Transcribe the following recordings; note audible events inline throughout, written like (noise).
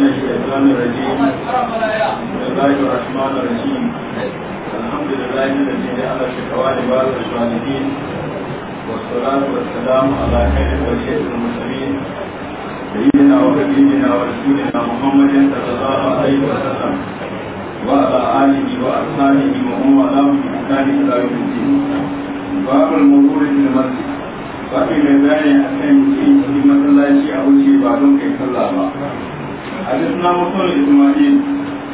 من الشيطان الرجيم بسم الله الرحمن الرحيم الحمد لله الذي جعل شكوان بعض الصالحين والصلاة والسلام على خير ولي المرسلين سيدنا وحبيبنا ورسولنا محمد صلى الله عليه وسلم وعلى آله وأصحابه ومن والاه بإحسان إلى يوم الدين باب المرور في المسجد babu mai bayani a kan mutum yi masallaci a wuce ba don kai sallah ba حدثنا مسلم إسماعيل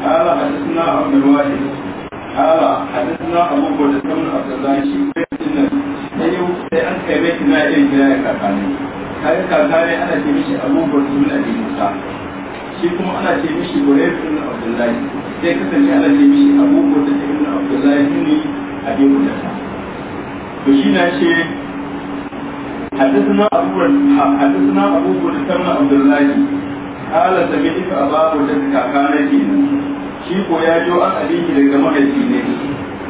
قال حدثنا عبد الواحد قال حدثنا أبو بكر بن عبد الله شيء sai an kai bai na irin gida ya kaka ne kai kaka ne ana ce mishi Abu Bakr shi kuma ana ce mishi Burayd bin Abdullah sai kasance ana ce mishi Abu Bakr bin Abdullah bin Abi to shi na ce حدثنا أبو حدثنا أبو بكر بن ala sami ita babu da kakana ke shi ko ya jo an abinci daga mahaifi ne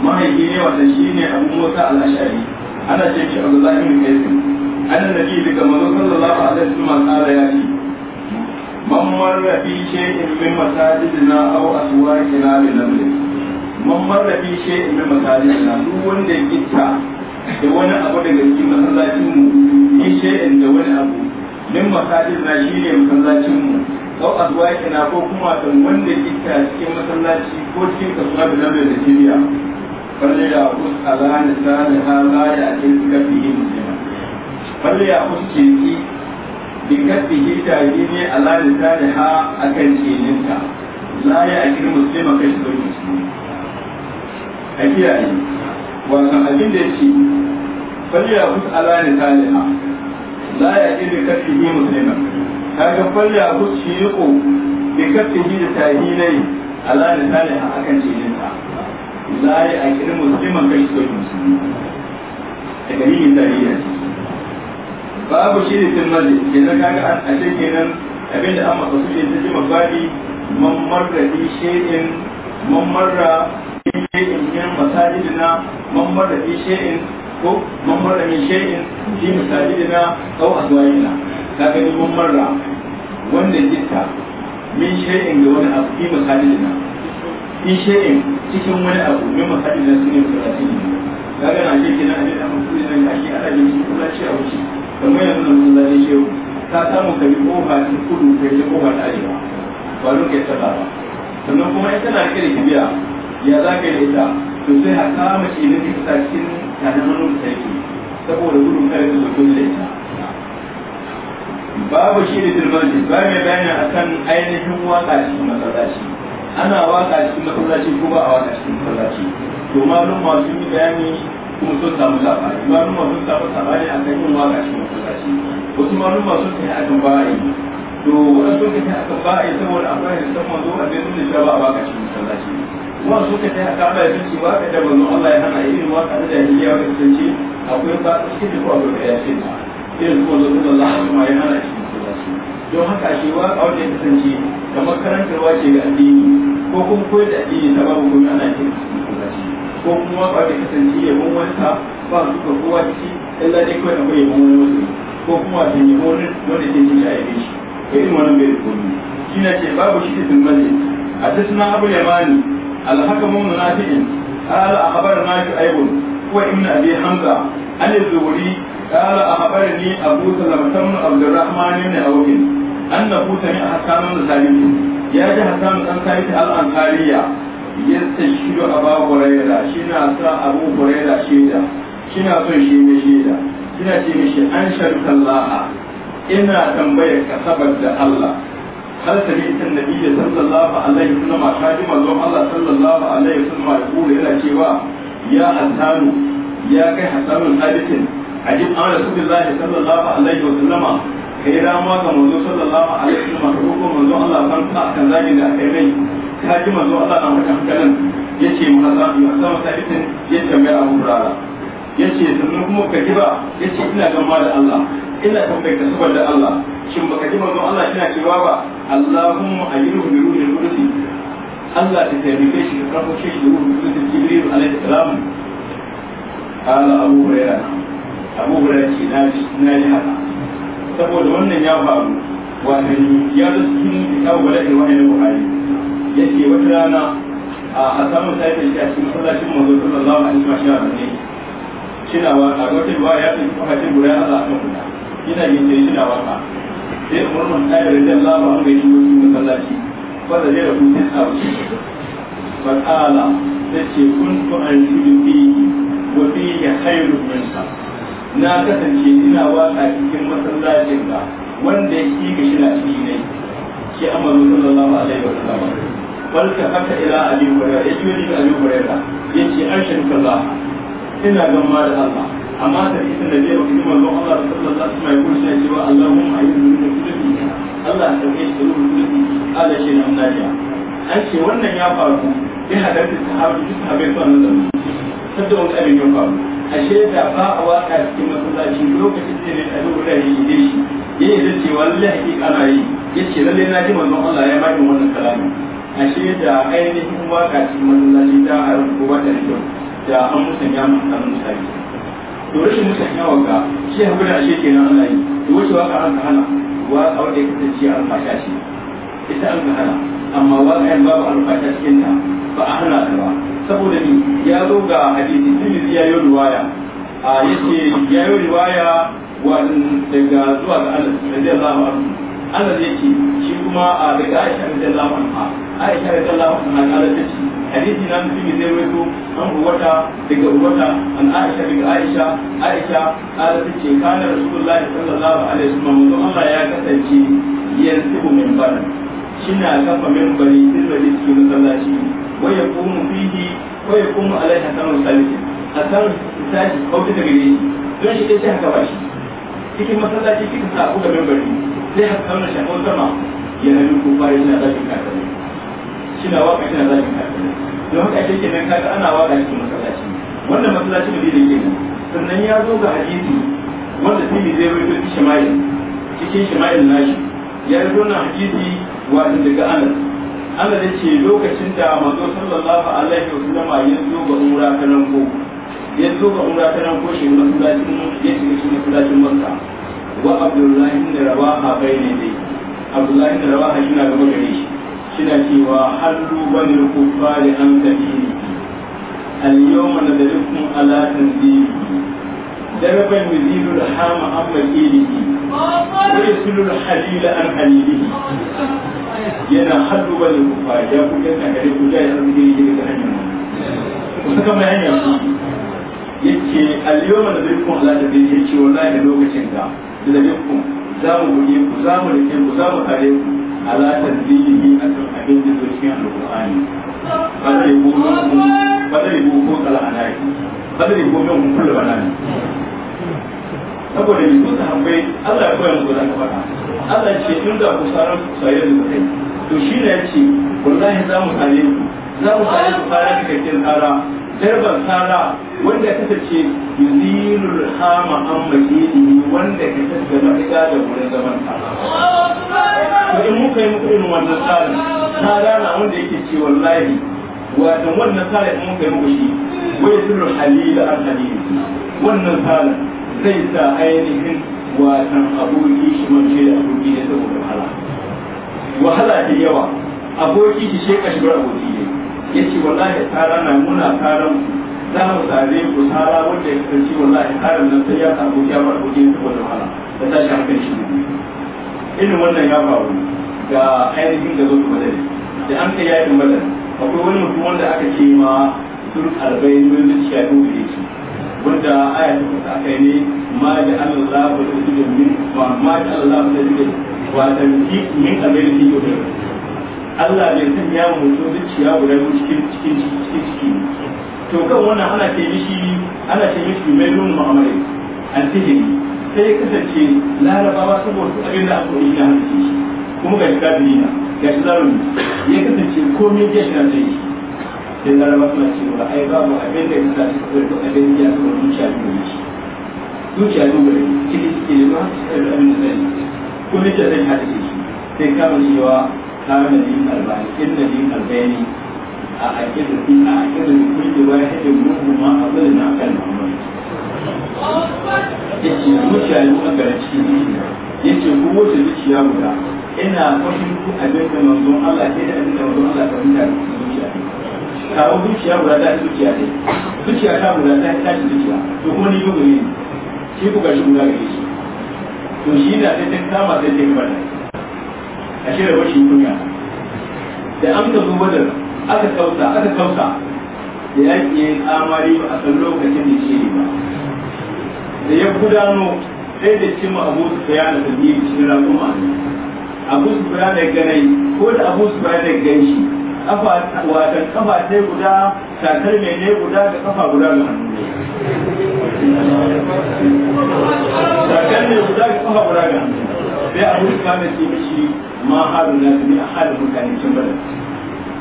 mahaifi ne wanda shi ne abu musa al'ashari ana ce shi abu zahin da kai ana da ji daga manzo sallallahu alaihi wasallam kala ya ce man marra fi shay'in min masajidina aw aswaqina bi lamri man marra fi shay'in min masajidina duk wanda ya kitta da wani abu daga cikin masallacin mu ki shay'in da wani abu min masajid na shi ne masallacin mu ko azwaji na ko kuma kan wanda yake cikin masallaci ko cikin kasuwa da nan da Nigeria balle ya kus alani sani hala ya ake suka fi yi musulma balle ya kus cinki bi kafi hita yi ne alani sani ha akan cininta la ya ake musulma kai su zai musulma a kiyaye wasan abin da yake ce balle ya kus alani sani ha la ya ke da kafi yi musulma kaga falle a kuci ko da kafi yi da tahi tahilai ala da tare a akan cikin ta la ya a kira musulman kai so musulmi da dalilin tarihi babu shi da tilmali kenan kaga an ashe kenan abinda an maka su ne ta ji mabadi man marra bi shay'in man marra bi shay'in min masajidina man marra bi shay'in ko man marra min na fi a zuwa azwajina ka gani man marra wanda jitta min shay'in ga wani abu fi na shi shay'in cikin wani abu min masajidina su ne ka gana shi kina a jira mun kudi nan gashi ana jin shi kuma shi a wuce kamar yanzu nan mun zai shehu ka samu ka bi kofa cikin kudu kai ta kofa ta arewa ba lokacin ta ba sannan kuma ita na kira kibiya ya za ka yi da ita to sai a kama ce na fita cikin tare manon ta yake saboda gudun kare da zuwa da ita babu shi da dirbanci ba mai bayani akan ainihin waka cikin masallaci ana waka cikin masallaci ko ba a waka cikin masallaci to malum ma sun yi bayani kuma sun samu labari malum ma sun samu labari akan yin waka cikin masallaci wasu malum ma sun kai akan yi to wasu sun kai akan ba'i saboda akwai da san mazo a bai nuna cewa ba a waka cikin masallaci kuma ka ta haka ba da cewa ka da manzon Allah ya hana irin waka da jahiliya wanda kasance akwai ba cikin da kuma ba ya ce ba irin kuma zo da Allah kuma ya hana shi don haka shi wa a wanda ya kasance kamar karantarwa ce ga addini ko kuma koyar da addini ta babu kuma ana yin ko kuma ba da kasance ya mun wanta ba su ka kowa ciki illa dai kawai akwai ya mun wani wasu ko kuma ta yi wani wanda ke cin shi a yabe shi ko irin wannan bai da komi shi na ce babu shi da sun mazin a tattuna abu yamani الحكم بن نافع قال أخبرنا شعيب هو ابن أبي حمزة عن الزهري قال أخبرني أبو سلمة بن عبد الرحمن بن عوف أنه سمع حسان بن ثابت يا حسان بن ثابت الأنصارية يستشهد أبا هريرة شنا سا أبو هريرة شيدا شنا سن شي شيدا شنا شي مشي أنشرك الله إنا تنبيك سبب الله قال سمعت النبي صلى الله عليه وسلم خادم الله صلى الله عليه وسلم يقول هنا شيوا يا حسان يا كي حسان ثابت عجب أن رسول الله صلى الله عليه وسلم kai rama ga manzo sallallahu alaihi wasallam ka manzo Allah san ka kan zagi da kai ka ji manzo Allah na maka hankalin yace mu hasan sama sabitin yace mai abu rara ya ce sannan kuma ka ji ba ya ce ina gama da Allah ina tambayar saboda Allah shin ba ka ji manzon Allah yana cewa ba Allahumma ayyuhu bi ruhil qudus Allah ta taimake shi ka kafa shi da ruhul qudus Jibril alaihi salam ala Abu Hurairah Abu Hurairah ce na ji na ji haka saboda wannan ya faru wannan ya zo cikin kitabu balaghi wa ayyuhu Bukhari yace wata rana a samun sai da shi a cikin masallacin manzo sallallahu alaihi wa sallam shina waka a wata ruwa ya tafi kwace guda Allah aka kuda yana gindiri shina waka sai umar ta yi rajin lama an gaishe wasu masallaci wanda zai rabu sai tsawo fatala ta ce kun ku an shudu fiye wa fiye khairu minsa na kasance ina waka cikin masallacin ka wanda ya ƙi ga shi shina shi ne ke amaru sallallahu alaihi wa sallam falka haka ila abi hurairah ya ji abi hurairah yace arshin kaza ina gama da Allah amma da isin da zai wakilin manzon Allah sallallahu alaihi wasallam shi kurshi ji ce wa Allahumma ayyuhu da kulli Allah ta kai shi ruhu kulli Allah shi amna najiya an ce wannan ya faru ya ta sahabi duk sahabai su ta da wani abin ya faru ashe da ba a waka cikin masallaci lokacin da ne a duk da yi ne shi yayin da ce wallahi kana yi ce lalle na ji manzon Allah ya bani wannan a ashe da ainihin waka cikin masallaci ta a rubuta da kyau da an musanya mutan misali to rashin musanya wanga shi hakuri a sheke nan Allah yi to wace waka an ka hana wa a wanda ya kasance an fasha shi ita an ka hana amma wa 'yan babu an fasha cikin ta ba a hana ta ba saboda ni ya zo ga hadisi Tirmidhi ya yi riwaya a yace ya yi riwaya wa daga zuwa ga Allah radiyallahu anhu anas yake shi kuma a daga aisha da radiyallahu anha aisha da radiyallahu anha kala ta ce hadisi na mutum zai wato an uwata daga uwata an aisha daga aisha aisha kala ta ce kana rasulullahi sallallahu alaihi wasallam manzo Allah ya kasance yansibu min bana na kafa min bari da sirri cikin masallaci wa yaqumu fihi wa yaqumu alaihi hasan salihin hasan salihin ko daga gare don shi dai haka ba shi cikin masallaci kika sa ku min bari. sai haka wannan shakon sama ya hannu ko bayan suna zafin shi na waka shina zafin kakare don haka ake kenan kaga ana waka cikin masallaci wannan masallaci ne da yake sannan ya zo ga hadisi wanda sili zai rawaito shi shima'il cikin shima'il nashi ya rawaito wannan hadisi wa daga anas Allah da ce lokacin da manzo sallallahu alaihi wa sallam ya zo ga umra ta nan ko ya zo ga umra ta ko shi masallacin ya shiga cikin masallacin Makka wa abdullahi ibn rawaha bayne dai abdullahi ibn rawaha shi na gaba gare shi shina cewa hallu ba kuffari an sabili al-yawma nadrikum ala tanzili دربا يزيل الحام عن مكيله ويسل الحليل عن حليله yana haddu ba da ku ya ta gare ku ya yi arziki ne daga hanyar kusa kama hanyar su ya ce aliyu mana zai kuma ala da zai wallahi da lokacin ka labinku za mu buge ku za mu rike ku za mu kare ku ala tanzihi a kan abin da zo cikin alqur'ani fadari ko fadari ko ko kala anai fadari ko min kun kullu banani saboda ni kun tambaye Allah ya koya muku da kafa Allah ya ce in da ku sarar ku sayar da kai to shi ne ya ce wallahi za mu kare ku za mu kare ku kare kake tsara darban sara wanda ka tace yuzilul hama an majidi wanda ka tace da riga da wurin zaman ta to muka yi muku irin wannan tsarin Sada na wanda yake ce wallahi wato wannan tsarin in muka yi muku shi wai sirrul halila an halili wannan tsarin zai sa ainihin watan aboki shi mace da aboki ne saboda wahala wahala da yawa aboki shi shekashi shi bar aboki ne yace wallahi tsara na muna tsaran za mu sare ku tsara wanda ya kasance wallahi tsarin nan sai ya samu ya bar kuɗi saboda wahala da ta shafi shi irin wannan ya faru ga ainihin da zuwa kuma da an kai yayin madani akwai wani mutum wanda aka ce ma sun arba'in mun zuciya dubu da shi wanda aya ta kusa aka yi ne ma da Allah ba ta zuwa min ma da Allah ba ta zuwa wa ta min min abin da yake Allah bai sanya mu mutu zuciya guda mu cikin cikin cikin cikin to kan wannan ana ce mishi ana ce mishi mai nuna mu'amala al-sihiri sai ya kasance larabawa saboda abin da aka yi na shi kuma ga shiga dina ga shi zarumi ya kasance komai biya shi na zai yi sai larabawa suna cewa ai babu abin da ya kasance saboda duk abin da ya kasance zuciya biyu ne shi zuciya biyu ne cikin cikin ma su abin da zai yi kuma ya zai haɗa shi sai kama cewa كان لي قلبان إن لي قلبين a في أأكل لكل a منهما أفضل ما كان محمد yace zuciya yi a gara cikin zuciya yace ko wace zuciya guda ina fahimtu abin da manzon Allah ke da abin da manzon Allah ka fahimta cikin zuciya kawo zuciya guda ta zuciya ne zuciya ta guda ta ta zuciya to kuma ni yau ne shi ku gashi guda gare shi to shi da sai ta kama sai ta yi a shi da rashin kunya da an ka zo badar aka kausa aka kausa da yaƙi ya yi tsamari ba a san lokacin da shi ne ba da ya gudano sai da cimma abu su faya da tafiye cikin raƙuma abu su faya da ganai ko da abu su faya da ganshi kafa wata kafa sai guda takar mai ne guda da kafa guda da hannu takar mai guda da kafa guda da hannu sai abu da kama ce mishi ma halu na tuni a halin mutane can bada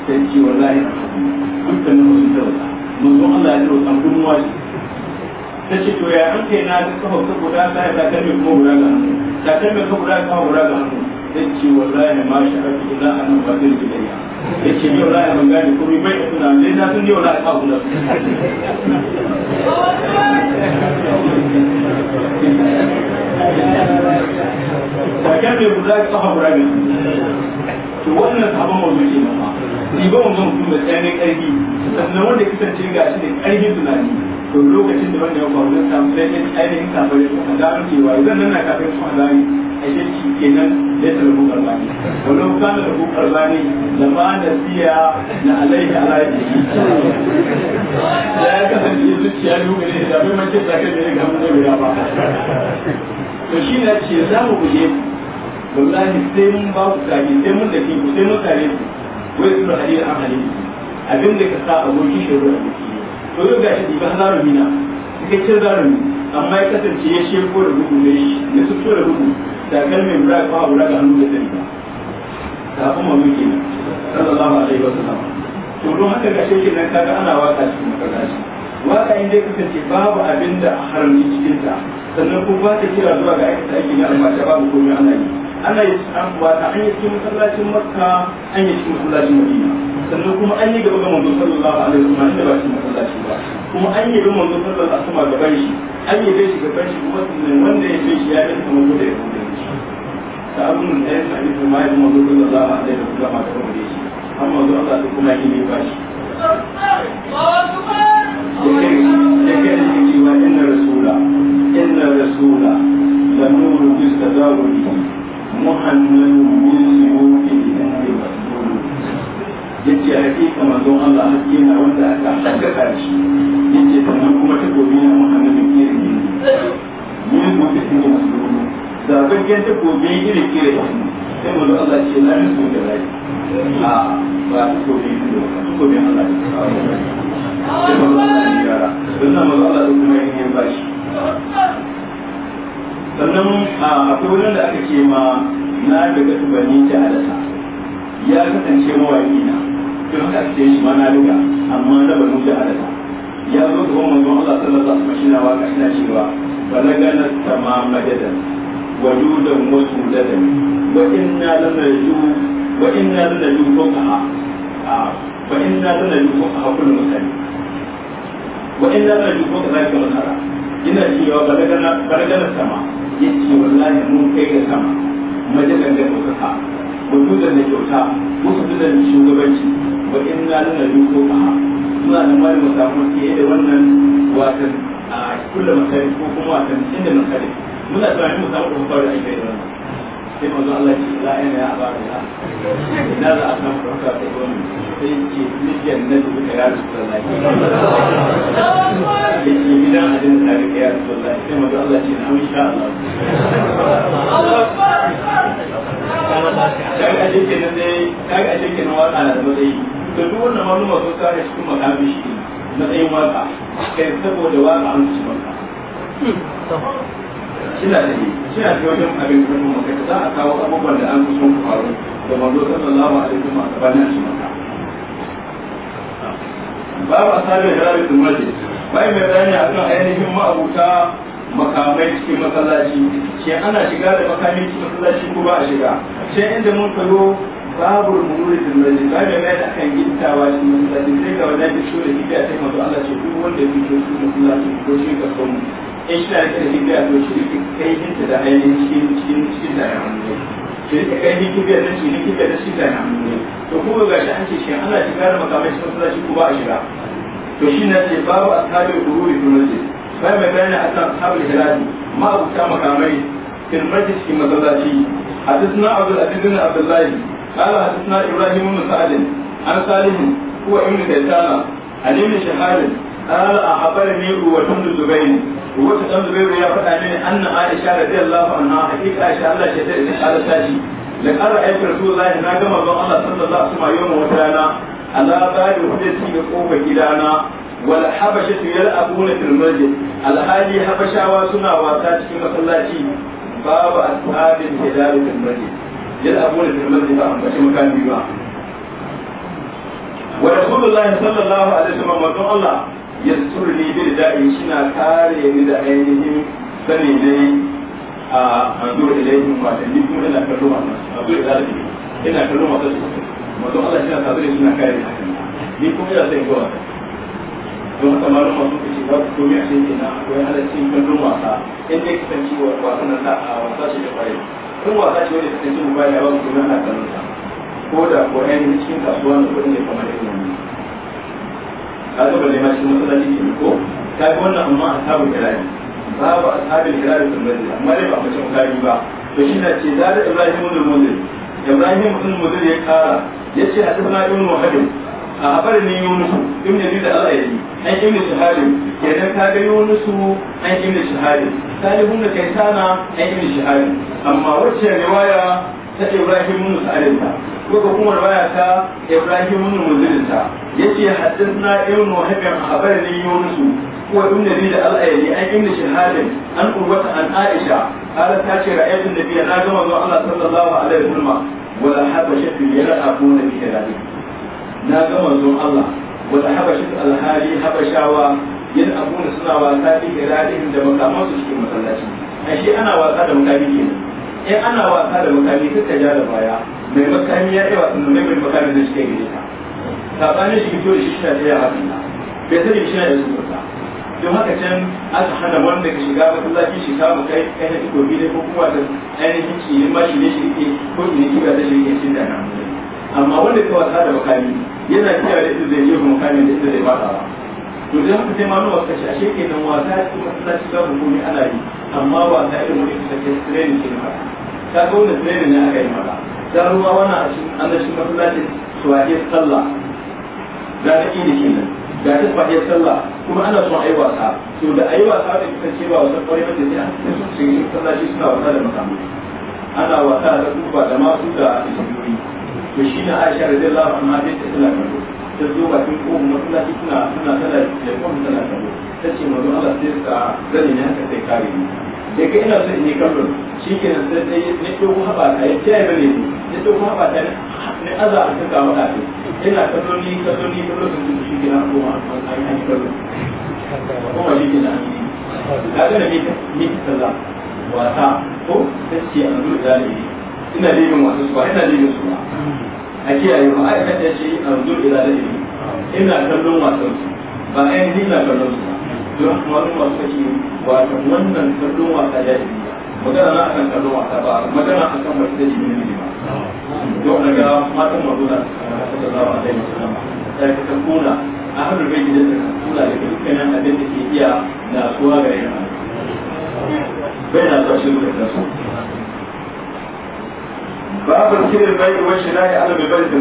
sai ce wallahi dukkan na sun tarauta manzon Allah ya tarauta kun wani ta ce to ya an kai na ta kafa ta guda ta ya takar mai kuma guda ga hannu takar mai kuma guda kafa guda ga hannu ta ce wallahi ma shi a cikin na annan fatir bilayya ya ce yau na ban gane komai bai da suna ne na sun yau na kafa (laughs) da kan mai guda ka sahabu rabi to wannan sahabban mawdu'i ne ma riba wannan mutum da tsayanin ƙarfi sannan wanda kasance ga shi da ƙarfin tunani to lokacin da wanda ya faru zan samu ɗayan ainihin kafirin a gano cewa zan nan na kafin su hazari a shirki kenan da ta rabu karbani wannan kana rabu karbani da ba da siya na alaihi alaihi ya kasance zuciya ne da bai mace tsakar da ya gamu da ba to shi na ce za mu guje ku wallahi sai mun ba ku tare sai mun da ku sai mun tare ku wai su hadin an halin abin da ka sa a aboki shi ruwa to yau gashi di ba zarumi na kai ce zarumi amma ya kasance ya ko da gudu ne ne su to da gudu da kalmar bura ko abu da hannu da sani ba ta kuma mun kenan sallallahu alaihi wasallam to don haka gashi nan kaga ana waka cikin makaranta waka inda kasance babu abin da haramci cikin ta sannan kuma ba ta kira zuwa ga aikata aiki na almata mu komi ana yi ana yi an ba ta an yi cikin masallacin makka an yi cikin masallacin madina sannan kuma an yi gaba ga manzo sallallahu alaihi wasallam inda ba cikin masallaci ba kuma an yi gaba manzo sallallahu alaihi wasallam gaban shi an yi gaban gaban shi kuma sannan wanda ya ce shi ya rinka manzo da ya kuma ta abin da ya sami kuma ya manzo sallallahu alaihi wasallam ga kuma da shi amma manzo Allah ta kuma yi ne ba shi yake yake cewa inna rasula إن الرسول لنور بالتداول محمد من سيوف الهند مسؤول yace hakika manzon Allah haske na wanda aka haddaka shi yace sannan kuma takobi na Muhammadu irin ne mun gobe sun yi masulu da bakin takobi irin irin sai mu Allah ce na su da rai a ba takobi ne ba takobi Allah ne sai mu Allah ya gara dan nan mu Allah ya kuma yin bashi sannan a wurin da aka ce ma na ta alasa ya kasance mawaƙi na don shi ma na amma na alasa ya zo ga wani manzon Allah sallallahu alaihi wasallam shi na waka cewa wa inna wa inna wa inna kullu mutane wa inna kullu mutane ina cewa gargarar sama ya ce wallahi mun kai ga sama majalar da kuka wujudan da kyauta musu da shugabanci wa nuna duko ba suna da mali mu samu ke da wannan watan a kullum kai ko kuma watan inda mun kare muna da mu samu da a yi da wannan sai mazu Allah ce za a ya ba da ina za a samu ɗauka ta wani sai ke mijiyar na da duka ya rasu da ke gida a jin tare da ya rasu da sai mazu Allah ce na insha Allah kaga a jikin nan dai kaga a jikin nan waka na da matsayi to duk wannan maluma sun kare cikin makami shi matsayin waka kai saboda waka an ci maka shida ne shida ce wajen abin da kuma makai za a kawo abubuwan da an kusan faru da manzo sallallahu alaihi bani a cikin gabanin shi maka babu asalin hirabi da mace bai mai bayani akan ainihin ma'abuta makamai cikin masallaci shi ana shiga da makamai cikin masallaci ko ba a shiga shi inda mun kayo babu rumuri da mai ba da mai da kan gintawa shi masallaci sai ga wannan da shi da kike a cikin Allah ce duk wanda yake cikin masallaci ko shi ka son in shi da ake da to shi rike kaihinta da ainihin cikin cikin cikin da ne. hannu shi rike kaihin da shi rike da shi da ya to ko ga shi an ce shi ana shiga da makamai cikin masallaci ko ba a shiga to shi na ce babu ashabul qururi fil masjid bai mai bayani akan ashabul hilali ma abuta makamai fil masjid cikin masallaci حدثنا عبد العزيز بن عبد الله قال حدثنا ابراهيم بن سعد عن صالح هو ابن كيسان عن ابن شهاب قال اخبرني هو بن الزبير wata dan zubairu ya faɗa mini an na aisha da radiyallahu anha hakika aisha Allah ce ta kala tashi da kara aikar su zai na gama zan Allah sallallahu alaihi ma yau wata rana Allah ba da hujjaci ga kofar gidana wal habashatu yal'abuna fil masjid al hali habashawa suna wasa cikin masallaci babu ashabin hidalu fil masjid abu na masjid ba an bashi makami ba wa rasulullahi sallallahu alaihi wa wasallam wa Allah yasturu ni bil da'i shina kare ni da ainihin sani ne a anzur ilayhim wa ni kuma ina kallo ma da ilayhim ina kallo ma kasu don Allah shina tazuri shina kare ni ni kuma ya sai gowa don haka ma ruwa sun kace ba ko me ake ina ko ya akwai halaccin kallon wasa in dai kisan ciwo wasan da a wasa shi da bai kwarai in wasa shi wanda kasance mu baya ba mu kuma ana kallon ko da ko ainihin cikin kasuwa ne kudin ne kamar irin wannan ka zo balle ma cikin masallaci ne ko ka ga wannan amma ashabul kirari babu ashabul kirari sun bari amma dai ba mace mutari ba to shi na ce da Ibrahim ibn Muzir Ibrahim ibn Muzir ya kara yace hadathana ibn Muhammad a habar ne Yunus ibn Yazid al-Ayyi an ibn Shahab kenan ka ga Yunus an ibn an amma wacce riwaya ta Ibrahim bin Musa'alin ta ko kuma baya ta Ibrahim bin Muzilin ta yace haddathna ibn Wahab khabarni Yunus wa ibn Nabi da al-Ayni an ibn Shihab an urwata an Aisha qalat ta ce ra'aytu Nabi na ga manzo Allah sallallahu alaihi wasallam wala habasha fi yarqabuna bi kadalik na ga manzo Allah wala habasha al-hali habashawa yin abuna suna wasa bi kadalik da makamansu cikin masallaci shi ana wasa da makami kenan in ana wasa da makami sai ta ja da baya mai makami ya yi wasan mai mai makami da shi ke gare ta sabanin shi fito shi shi ta ya haka na bai sani shi na da su kurta don haka can aka hana wanda ka shiga masallaci shi samu kai kai ta tuko gida ko kuma da ainihin shi ne mashi ne shi ke ko ne kiba da shi ke cin da na amma wanda ka wasa da makami yana kiyaye da ita zai yi makami da ita zai ba fada to da haka sai malu wasa shi ashe nan wasa suna shiga hukumi ana yi amma wasa irin wani da ke tsirai ne ke fada ta kauna training ne aka yi mata ta ruwa wannan a cikin annashin masallaci su waje sallah da ta ƙi da nan da ta faɗi sallah kuma ana son a yi wasa to da a yi wasa da kasance ba wasan kwarai wanda sai an sai sun shiga masallaci suna wasa da makamu ana wasa da kufa da masu da isibiyoyi to shi ne aisha da zai lafa amma bai ta tsala kallo ta zo bakin kofin masallaci suna suna tana da kofin tana kallo ta ce mazu Allah sai ka zane ne haka sai kare ni da kai ina son in yi kallon shi ke nan sai sai ne ɗauko haɓa ta ya kiyaye bane ne ne ɗauko haɓa ta ne aza a kan kawo ɗafi ina kallon ni kallon ni kallon shi ke nan kuma an yi kallon kuma shi ke nan ga da mi sallah wasa ko ta ce ya zuwa zalimi ina libin wasu suwa ina libin suwa a kiyaye ma aikata ce an zuwa zalimi ina kallon wasan ba ainihin na kallon suwa don malumma suka ce wato wannan kallon wasa ya yi magana na akan kallon wasa ba magana akan mace da jini ne ba don daga matan mazuna da zawa a daidai suna da ta kuna a hannun bai gidan da kula da dukkanin abin da ke iya na suwa ga yana bai na zuwa shi zuwa da su babu kirin bai wa shi na ya alabi bai da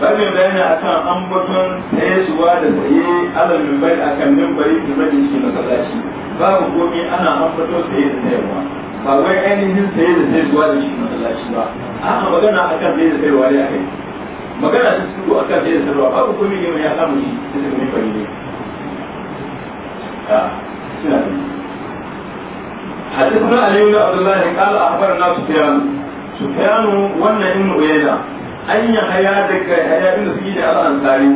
babin bayani akan ambaton tsayesuwa da tsaye alal mimbai akan mimbari da bari shi masallaci babu komi ana ambaton tsaye da tsayewa ba wai ainihin tsaye da tsayewa da shi masallaci ba a'a magana akan tsaye da tsayewa ne akai magana ta tsiro akan tsaye da tsayewa babu komi ne mai ya samu shi da tsaye mimbari ne حدثنا علي بن عبد الله قال اخبرنا سفيان سفيان ون ابن عيينه an yi haya daga haya bin su yi da al'ansari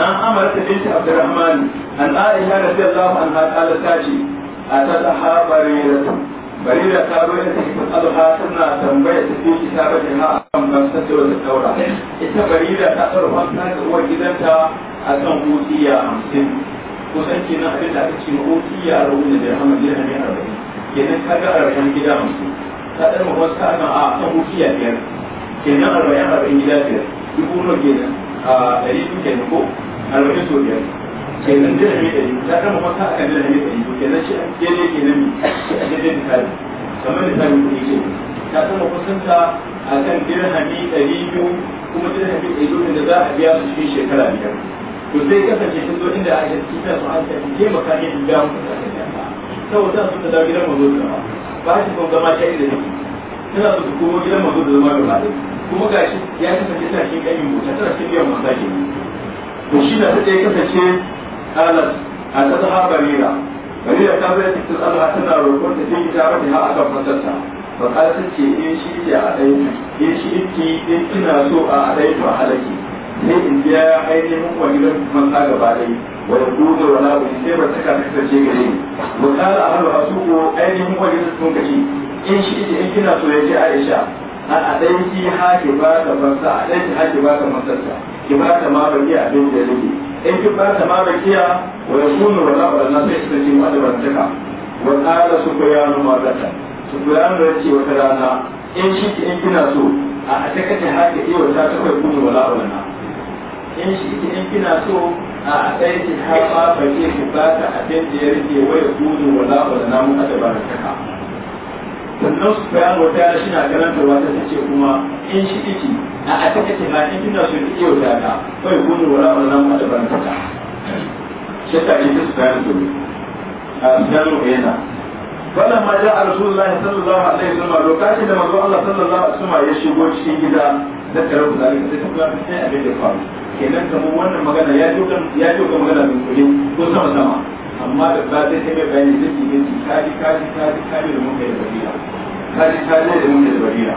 an amarta binti abdurrahman an aisha radiyallahu anha kala ta ce a ta da ha bariratu barira ta zo da take alha tana tambaya ta ce ta ba ta kan ban wata taura ita da ta tsarfa ta ga uwar gidanta a kan hutiya hamsin. kusan kenan abin da aka ce ma hutiya rauni da hamadu da ne 40 kenan kaga a rashin gida 50 ta ɗarma wasu ta a kan hutiya biyar kenan arba'in arba'in gida duk dubu nawa kenan a ɗari biyu kenan ko arba'in so biyar kenan dirhami ɗari ta ɗan mafaka akan dirhami ɗari to kenan shi daidai kenan mi a daidai misali kamar misali kuɗi ce ta ɗan kusanta akan dirhami ɗari biyu kuma dirhami ɗari biyu da za a biya su cikin shekara biyar to sai kasance sun zo inda aka ci ta su an tafi taimaka ne in biya muku da saboda sun da dawo gidan mazo da ba shi kun zama shi da ne tana su kuma gidan mazo da zama gaba ɗaya kuma ga shi ya kasance tana cikin ƙayyar mutum tana cikin biyan masaki to shi na ta ɗaya kasance alas a ta zaha barira barira ta zai cikin Allah tana roƙon ta cikin ta mata har akan fasarta ba ka san ce in eh, shi ke a ɗaya in eh, shi ke ne eh, kina so a ɗaya to a halaki sai in biya ainihin wani don ta gaba ɗaya wani dole wala wani sai ba saka ta kasance gare ni wa a su asuqu ainihin wani sun kace in shi in kina so yaje Aisha a ɗan ki ba ta fansa a ɗan ki ba ta masarta ki ba ta ma bakiya abin da yake in ki ba ta ma bakiya wa yakunu wala wala na sai su ci wani bantaka wa qala sufyanu ma gata sufyanu ya ce wata rana in shi ki in kina so a taka ta ha ki iya ta kai kunu wala wala na in shi ki in kina so a ɗan ki ha ba ke ki ba ta abin da yake wa yakunu wala wala na mu kada barantaka sannan su bayan wata shi na karantarwa ta ce kuma in shi iki a a ta kace na in kina so ki yau da ka kai kun wala wannan ma da barka ta shi ta ji su bayan su a sanu yana wala ma ja rasulullahi sallallahu alaihi wasallam lokacin da manzo Allah sallallahu alaihi wasallam ya shigo cikin gida da tarau da sai ta kuma sai abin da faru kenan kamar wannan magana ya joka ya joka magana mai kuri ko sama sama amma da ba zai sai mai bayani da ke gani kaji kaji kaji kaji da muka da barira kaji kaji da muka da barira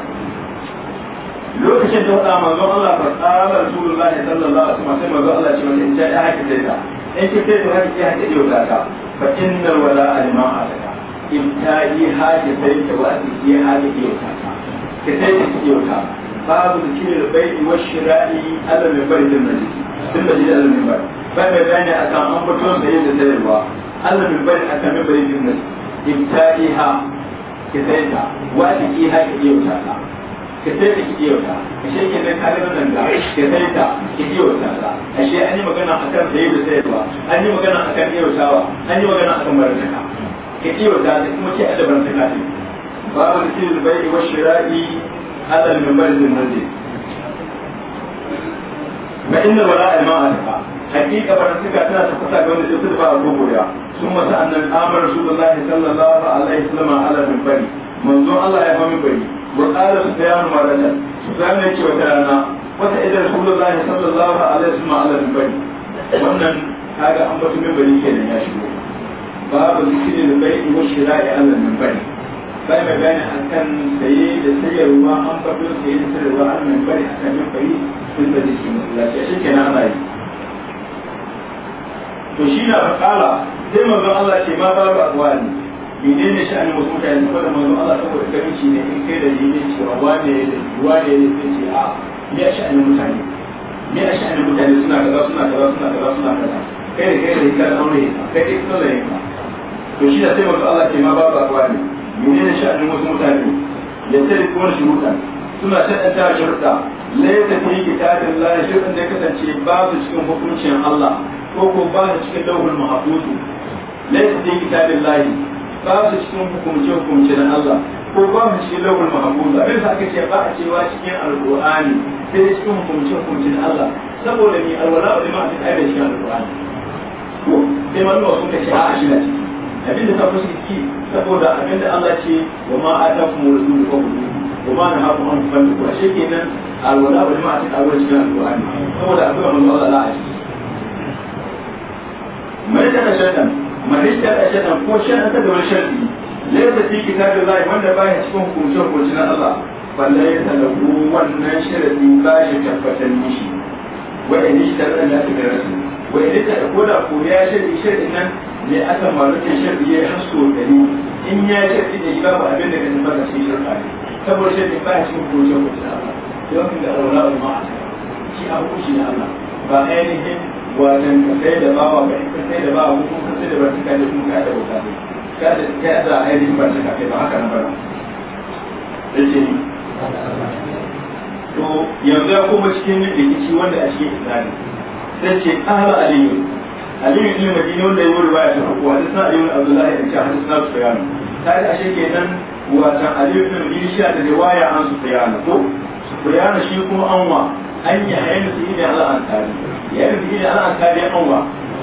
lokacin da wada manzon Allah fa tsara rasulullahi sallallahu alaihi wasallam sai manzon Allah ce wanda in ja ya haka sai ta in ki sai ta haka ya haka yau ta fa innal wala alima ka in ta yi haka sai ta wa ki ya haka yau ta ki sai ki yau ta babu zikirin bai wa shira'i alal mimbar din najis din najis alal mimbar ba da bayani a kan an fito saye da sayarwa Allah bai bari a kan bai business ibtaiha ki sai ta wa ta ki ha ki yauta ta ki sai ta ki yauta ashe ke nan kalmar nan da ki sai ta ki yauta ta ashe an yi magana a kan saye da sayarwa an yi magana a kan akan tawa, an yi magana a kan barantaka ki yauta ta kuma ki adaban ta kafi babu sirri bai wa shira'i hadal min barzin masjid ma inna wala ma alfa hakika ba suka tana ta fasa ga wanda su ba a gogo ya sun masa annabi amara rasulullahi sallallahu alaihi wasallam ala bari manzon Allah ya fa minbari wa qala sufyan maratan sufyan ne ce wata rana wata idan rasulullahi sallallahu alaihi wasallam ala bari wannan kaga an bata minbari kenan ya shigo babu zikirin bai'i wa shira'i ala bari. بين بين أن كان سيد السير وما أنت في سيد السير وعلى من بين أن كان في سيد لا شيء كان عمري فشينا فقال زي ما قال الله شيء ما ضرب أقواني من أين شأن مسموح أن يقول من الله سوى الكلمة شيء إن كان جيني شيء وواني وواني لسنتي آ ما شأن مسموح ما شأن مسموح سنا كذا سنا كذا سنا كذا سنا كذا كذا كذا كذا أمري كذا كذا أمري فشينا سيمو قال الله شيء ما ضرب أقواني menene sha'anin wasu mutane ya tare kuma shuruɗa suna shaɗanta sharuɗa laita fi kitabin la shirin da kasance ba su cikin hukuncin Allah ko ko ba su cikin lauhul mahfuz laita fi kitabin lahi ba su cikin hukunce hukunce Allah ko ba su cikin lauhul mahfuz abin da aka ce ba a cewa cikin Alƙur'ani sai cikin hukunce hukunce na Allah saboda ni alwala'u lima fi ayati cikin alqur'ani ko sai malama sun ce a shi na abin da kafin ki saboda abin da Allah ce wa ma kuma atakum rasul ko wa ma na nahakum an fannu ko shi kenan alwala wal a ta alwala cikin ne saboda abin da Allah Allah a ciki mai da shaitan mai da shaitan ko shaitan ta da wani shaitan ta fi kitabillahi wanda baya cikin hukunce hukunce na Allah balle ya talabu wannan sharadi ba shi tabbatar mishi wa in shi tarada da rasul wai duka da ko ya shirye-shirye nan ne aka malukin shirɗi ya hasko in ya shirɗi da shiga ba abin da ka tabbata shi shirɗa ne saboda shirye ba ya cikin kocin kocin Allah don da aura umma shi a hukunci na Allah ba ainihin wajen ka sai da bawa ba ka sai da bawa ko ka sai da ba ka da kuma ka da wuta ka da ka da ainihin ba kai ba haka na bara to yanzu ya koma cikin rikici wanda a cikin islami nace qala Aliyu ali ibn madini wanda yayi ruwaya ta uku wa hadisna ali ibn abdullah ibn shah hadisna sufyan tare ashe kenan wata Aliyu ibn madini shi da riwaya an sufyan ko sufyan shi kuma anwa an yi hayan su ne al-ansari yayin da ne al-ansari anwa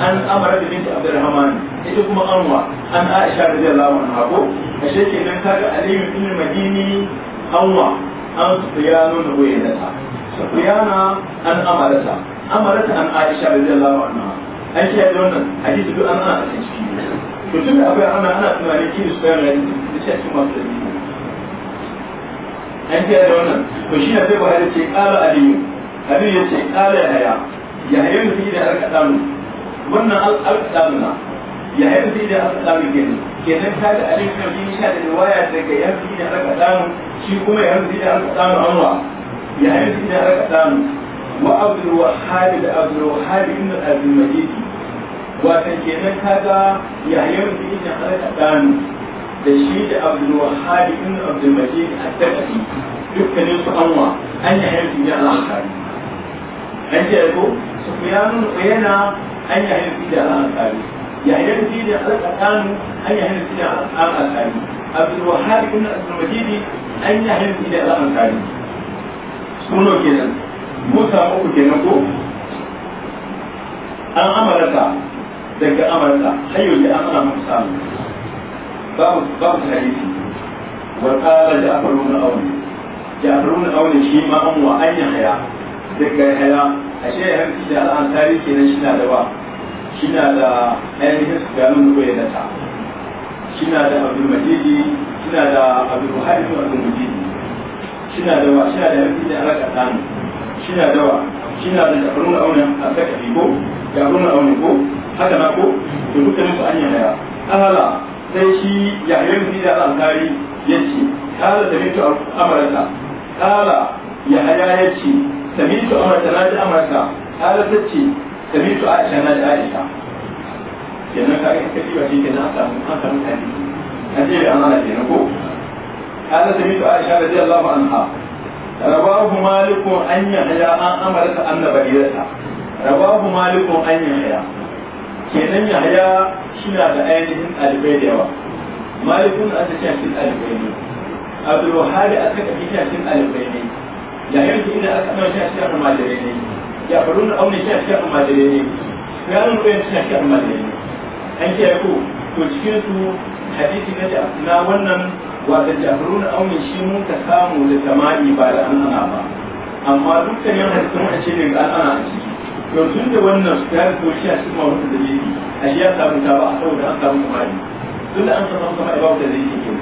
an amara da binti abdurrahman ita kuma anwa an aisha radiyallahu anha ko ashe kenan kaga ali ibn madini anwa an sufyanu da wayna sufyana an ta. amarata an aisha radiyallahu anha an shi da wannan hadisi duk an ana cikin ciki to tun da akwai ana ana tunanin kiri su bayan rani da shi a cikin masu da an fiye da wannan to shi na sai buhari ce ƙara aliyu aliyu ya ce ƙara ya haya ya haya mutum idan aka samu wannan aka samu na ya haya mutum idan aka samu kenan kenan ta da aliyu na biyu sha da riwaya daga ya mutum idan aka samu shi kuma ya mutum idan aka samu anwa ya haya mutum idan aka samu وعبد الوهاب عبد الوهاب بن عبد المجيد وكان كينان كذا يحيى بن سعيد حركه دانو da shi da abdul wahab ibn abdul majid at-taqi dukkanin su anwa an yi hayar da al-akhari an ji ko sufyan yana an yi hayar da al-akhari ya hayar da al an yi hayar da al-akhari abdul wahab ibn abdul majid an yi hayar da al suno kenan mota uku ke na ko an amarka daga amarka har yau an ana maka samu babu babu hadisi wa qala ja'far ibn awn ja'far ibn awn shi ma an wa an haya daga haya ashe ya hanci da al'an tarihi kenan shi na da wa shi na da ainihin su ganin ko ya nata shi na da abdul majidi shi na da abdul wahid abdul majidi shi na da wa shi na da hanci da alaka tsani shi na dawa shi na da jafarun auna a sakafi ko jafarun auna ko haka na ko to dukkanin su an yi haya kala sai shi ya yi mutu da al'antari ya ce kala da mutu amurka kala ya haya ya ce samitu amurka na ji amurka kala ta ce samitu aisha na da aisha kenan ka ga kashi ba shi kenan an samu an samu hadisi an ce da amana kenan ko kala da aisha radiyallahu anha rabahu malikun an yahya an amarka annabariyarsa rabahu malikun an yahya kenan yahya shina da ainihin alibai da yawa malikun a ta shafi alibai ne abdulwahari a ta kafi shafi alibai ne ya yi da idan aka ɗauki shafi almajirai ne ya faru na aune shafi almajirai ne ya nuna ɗayan shafi almajirai ne an kiyaye ko to cikin su hadisi na wannan wata jahrun aunin shi mun ka samu da tamani ba da al'ana ba amma duk dukkan yan hadisin a ce ne ga al'ana a ciki to tun da wannan su ya rito shi a cikin mawuta da jiki a shi ya samu ta ba a saboda an samu tamani tun da an samu tamani ba da zai ke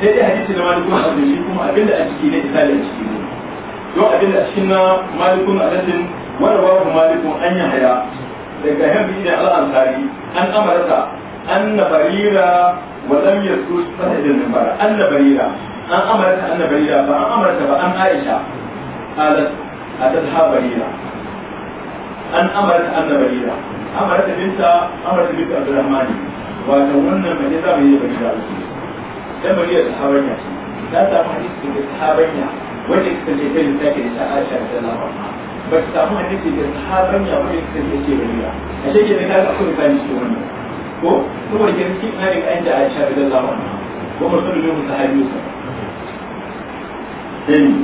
sai dai hadisi na malikun abin shi kuma abinda a ciki ne isali a ciki ne don abinda a cikin na malikun alasin wani babu malikun an yi haya daga yan biyu ne al'ansari an amarta an na barira ولم يذكر صاحب المنبر أن بريرة أن أمرت أن بريرة فأن أمرت فأن عائشة قالت أتتها بريرة أن أمرت أن بريرة أمرت بنت أمرت بنت عبد الرحمن وتمنى من إذا هي بريرة dan barira ta habanya ta samu hadisi da sahabanya wanda ya kasance ta yin take da ta Aisha radiyallahu anha ba ta samu hadisi da sahabanya wanda ya ce ta barira a shekin da ka ga akwai misali wannan ko kuma ke cikin ayin ayin da Aisha da Allah ba ko mutum ne mun sahabi sa dani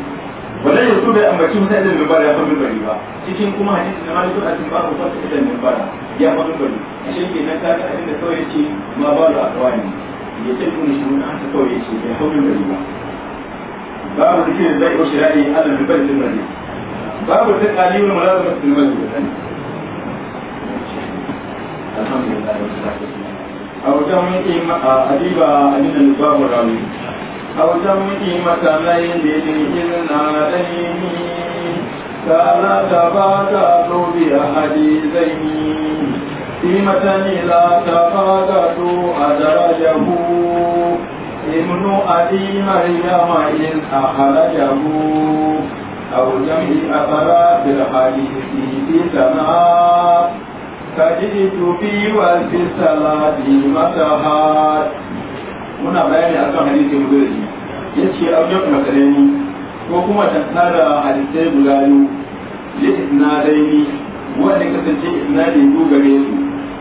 wannan yanzu bai ambaci mutane da bara ya fara bari ba cikin kuma hadisi na Malik bin ba ko fata da nan bara ya fara bari ashe ke nan kaga abin da kawai ce ma ba da akwani ya ce kun shi mun aka kawai ce ya fara bari ba babu zikirin zai ko shirani alal bari din babu ta kaliyul mulazamatul masjid a wajen muke adiba adina lubabu rawi a wajen muke matalai da jirgin na ɗanyi kana ta ba ta zobe a hadizai fi matani la ta ba ta a darajahu ibnu adi maryama in a halajahu أو جمع أثرات الحديث في فجئت في وقت الصلاة متهات muna bayani a kan hadisi mudarji ya ce abu yau makarani ko kuma tattara hadisai guda biyu ya isnadaini wanda kasance isnadi biyu gare su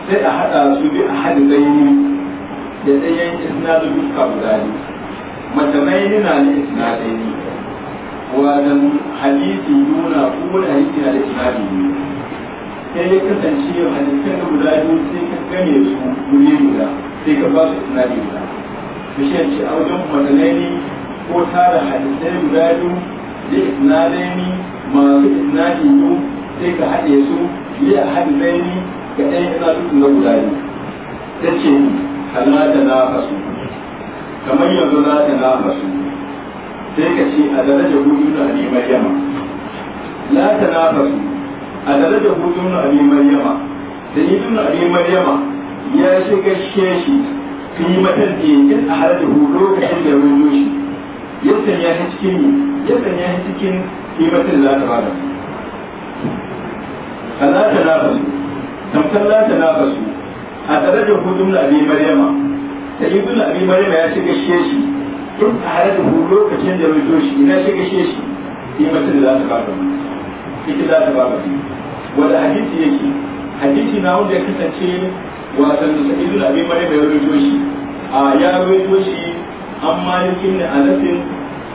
sai a haɗa su bi a hadisaini da ɗayan isnadu duka guda biyu matamaini na da isnadaini wajen hadisi biyu na kowane hadisi na da isnadi biyu sai ya kasance halittun da guda biyu sai ka gane su guri guda sai ka ba su tunani guda bishiyar ce a wajen matsalai ko tara halittai guda biyu da isnadai ne masu isnadi biyu sai ka haɗe su yi a hadisai ne ga ɗan ina dukkan na guda biyu ta ce halata na fasu kamar yanzu za ta na fasu sai ka ce a darajar hudu da ne yamma la ta na fasu a darajar hutun abi maryama da na abi maryama ya shiga sheshi yi matan din a halatta hu lokacin da ya rubo shi ya sanya shi cikin ya sanya shi cikin kimatan za ta bada Allah ta nafasu tamkar la ta nafasu a darajar hutun abi maryama da na abi maryama ya shiga sheshi in a halatta hu lokacin da ya rubo shi ina shiga sheshi kimatan za ta bada cikin zaɓi ba wanda hadisi yake hadisi na wanda ya kasance wasan da sa'i zuwa abin mare mai rubuto shi a ya rubuto shi an malikin da anasin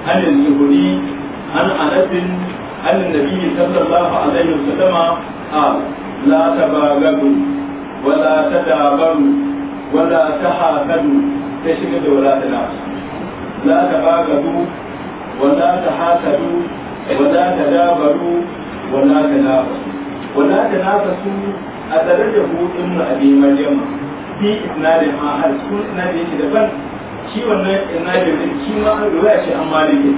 anin zuhuri an anasin anin nabi sallallahu alaihi wasallama a la tabagaru wala tadabaru wala tahasadu ta shiga da wala ta tanasu la tabagaru wala tahasadu wala tadabaru wala ta nafasu wala ta nafasu a tsare da hudun mu abi maryama fi isnadin ma har sun isnadin shi daban shi wannan isnadin din shi ma an ruwa shi an malike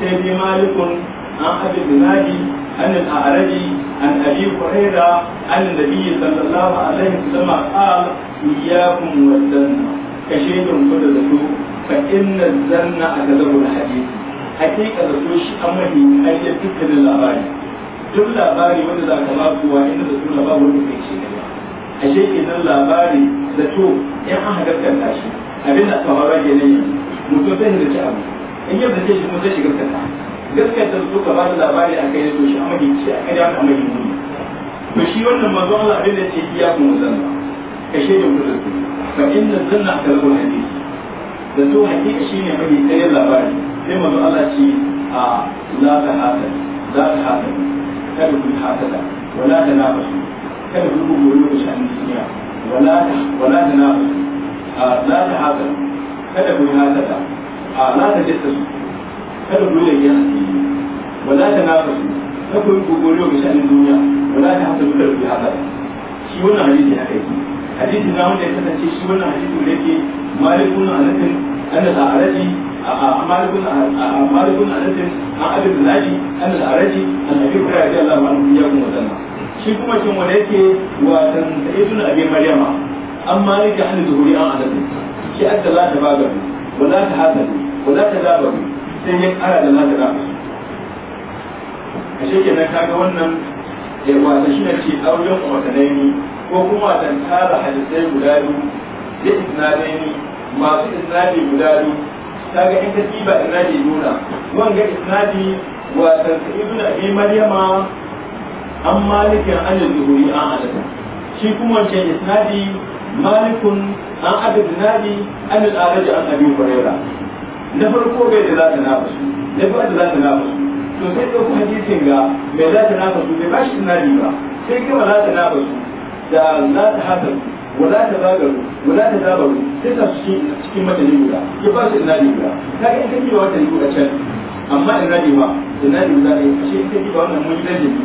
sai dai malikun an abin binadi an al'arabi an abi huraira an nabiyyi sallallahu alaihi wasallam qala iyyakum wadanna kashe don gudu da su fa zanna hakika tun labari wanda za ka babu wa inda da tun labari wanda ke ce gaba a shekin nan labari da to in an haka kanta shi abin da aka fara ke nan yanzu mutum zai hirci abu in yau da ce shi mutum shi gaskata gaskata su ka ba da labari a kai da to shi a mahi ce a kai da a mahi muni to shi wannan mazo Allah abin da ce iya kun zanna ka shaida ku da su fa inna zanna ka zuwa hadisi da to hakika ne mahi tsayin labari sai mazo Allah ce a la ta hasa la ta hasa kada ku hasada wala da na basu kada ku ku goyo da shani duniya wala da na basu a la da hasada kada ku hasada a la da jitta su kada ku yi yan wala da na basu kada ku goyo da shani duniya wala da hasada kada ku hasada shi wannan hadisi haka yake hadisi na wanda ya kasance shi wannan hadisi da yake malikun anatin annas a'raji عمار بن عمار بن انس عن ابي shi kuma shin wanda yake wa dan sayyidun abi maryama amma ne ga hannun zuhuri an adabi shi adda da ta baga wa za ta hasadu wa za ta zaba sai ya kara da la ta zaba a shi kenan kaga wannan ya wata shi ne ce auren watanai ko kuma dan tara hadisai guda biyu da isnadaini masu isnadi guda biyu kaga in ka ina ne nuna wanga isnadi wa tansibu da abi maryama an malikin an zuhuri an alaka shi kuma wancan isnadi malikun an abid nadi an al-araj an abi hurairah na farko bai da za ta nafasu na biyu da za ta nafasu to sai ɗauko hadisin ga mai za ta nafasu bai ba shi isnadi ba sai kuma za ta nafasu da za ta su. wala ta zagaru wala ta zabaru sai ta cikin cikin mata guda ya ba su ina ne guda kaga in kake ba wata ne guda can amma ina ne ba ina ne guda ne ashe in kake ba wannan mun gidan jiki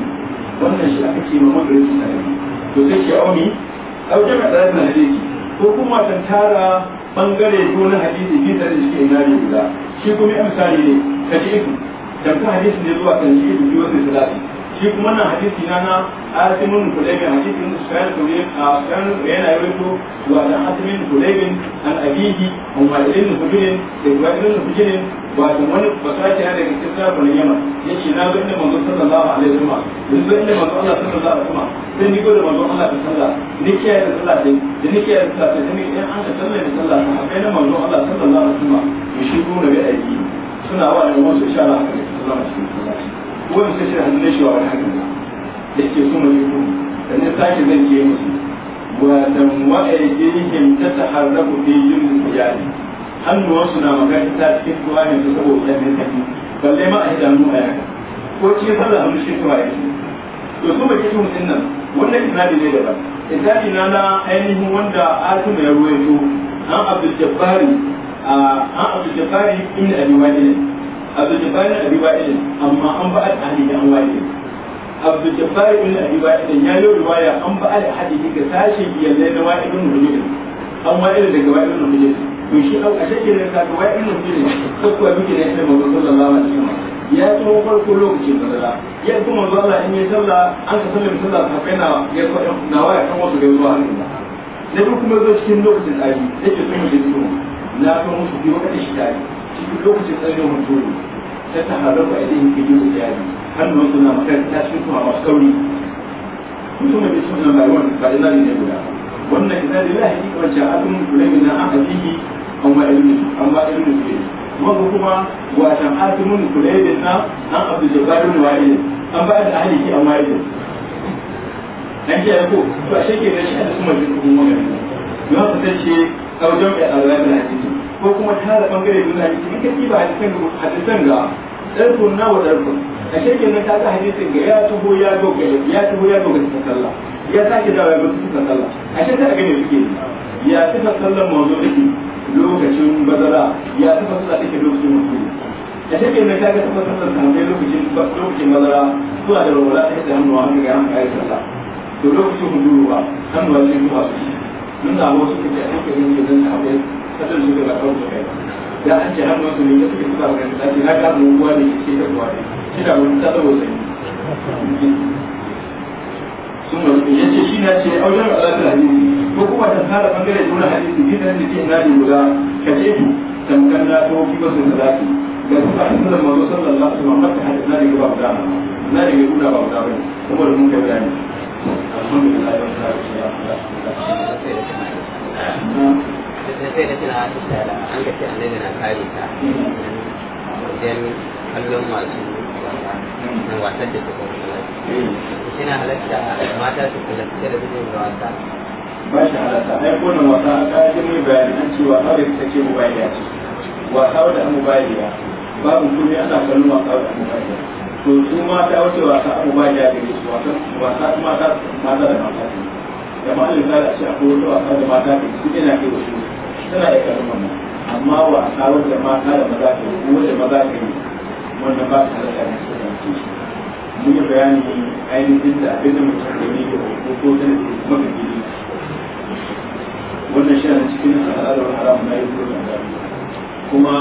wannan shi aka ce mamman gari suna yi to sai ke auni au jama'a da na hadisi ko kuma kan tara bangare ko na hadisi bi da shi ina ne guda shi ne zuwa kan wasu shi kuma na hadisi na na asimin kulaibin hadisin sufyan kulaibin a sufyan yana yawaito wa da asimin kulaibin an abihi a walidin hujurin da walidin hujurin wa da wani basaki na daga cikin sarfin yaman yace na ga inda manzo sallallahu alaihi wasallam yanzu inda manzo Allah sallallahu alaihi wasallam sai ni gode manzo Allah da sallah ni da sallah dai da ni kiyaye sallah an ka sallah da sallah a na manzo Allah sallallahu alaihi wasallam shi gona ga aiki suna wa ne wasu ishara haka sallallahu alaihi wasallam wani kashe hannun shi wa alhaji da ke mai yi kuma da ne sake zan ke musu wadan wa'aikihim ta taharrabu fi jirgin siyari hannuwansu na magana ta cikin ne su saboda ne tafi balle ma a yi damu a yaka ko cikin sallah hannun shi ya ce to su mai kitu musin nan wannan isnadi ne daban isnadi na na ainihin wanda asimu ya zo an abdul jabbari an abdul jabbari ibn abi ne abdul jabbar ibn abi wa'il amma an ba al ahli an wa'il abdul jabbar ibn abi wa'il ya yi riwaya an ba al ahli ga sashi biyan na wa'il ibn hujr an wa'il daga wa'il ibn hujr to shi au ashe ke da ka wa'il ibn hujr sakwa biki ne da manzo sallallahu alaihi wasallam ya tsohon farko lokacin dala. ya kuma manzo Allah in yi sallah an ka sallama sallah ta kai na ya ko na waya kan wasu garuwa hannu na kuma zo cikin lokacin tsari yake sun yi na kan wasu biyu wata shi tsari lokacin tsariyar mutum ta ta halar ba idan yake yi da yari hannun suna makar ta cikin kuma masu kauri mutumin da suna rayuwar ba ina ne guda wannan ina da lahi kuma ja'alun kulamin na an hakihi amma an amma ilmi su ne wanda kuma watan hatimun kulamin na an abu jabarin wa'ilin an ba da ahaliki amma ilmi an ji ko to a ke da shi a da kuma kuma magana don haka sai ce a wajen ya alwala da hakiki ko kuma ta da bangare da nuna cikin kaci ba a cikin hadisan ga ɗarfin na wa ɗarfin a shekin nan ta ga hadisin ga ya taho ya dogara ya taho ya dogara ta sallah ya sake dawo ya gudu ta sallah a shekin a gane suke ya tafa sallan mawazo da lokacin bazara ya tafa sallah take lokacin mutu a shekin nan ta ga ta sallan ta lokacin lokacin bazara zuwa da rawala ta yadda hannuwa haka ga yanka ya sallah to lokacin hudu ba hannuwa sai zuwa su nuna wasu kuke a cikin yin da zan sannan mu gaba kan su kai an ce har masu ne ya suke suka ga ta ce na ka mu ruwa ne ke da ruwa ne shi da mun ta dawo sai sun ma ya ce shi na ce aujar Allah ta hadisi ko kuma ta fara bangare da wani hadisi ne da nake da lura ka ce to tamkar to ki ba su salati ga kuma annabi sallallahu alaihi wasallam maka hadisi na daga babda na da guda kuma da mun kai bayani alhamdulillah sai da tuna su da an ga ce annabi na kare ta wajen kallon masu na wasan da suka kula shi na halatta mata su kula da bijin da wasa ba shi halatta ai ko nan wasa ka ji mai bayani an ce wasa da take mubaliya ce wasa da mubaliya babu kuma ana kallon wasa da mubaliya to su mata wace wasa mubaliya gare su wasa wasa mata mata da mata da ma'alin da ce akwai wata wasa da mata da su ina kai wasu tana da karin wannan amma wa sabon da mata da maza ke ko da maza ke wanda ba su halatta ne su zanci mun yi bayani ne ainihin da abin da mutum da ne da ko da ne maka gidi wannan shi cikin al'adar haram na yi kuma da kuma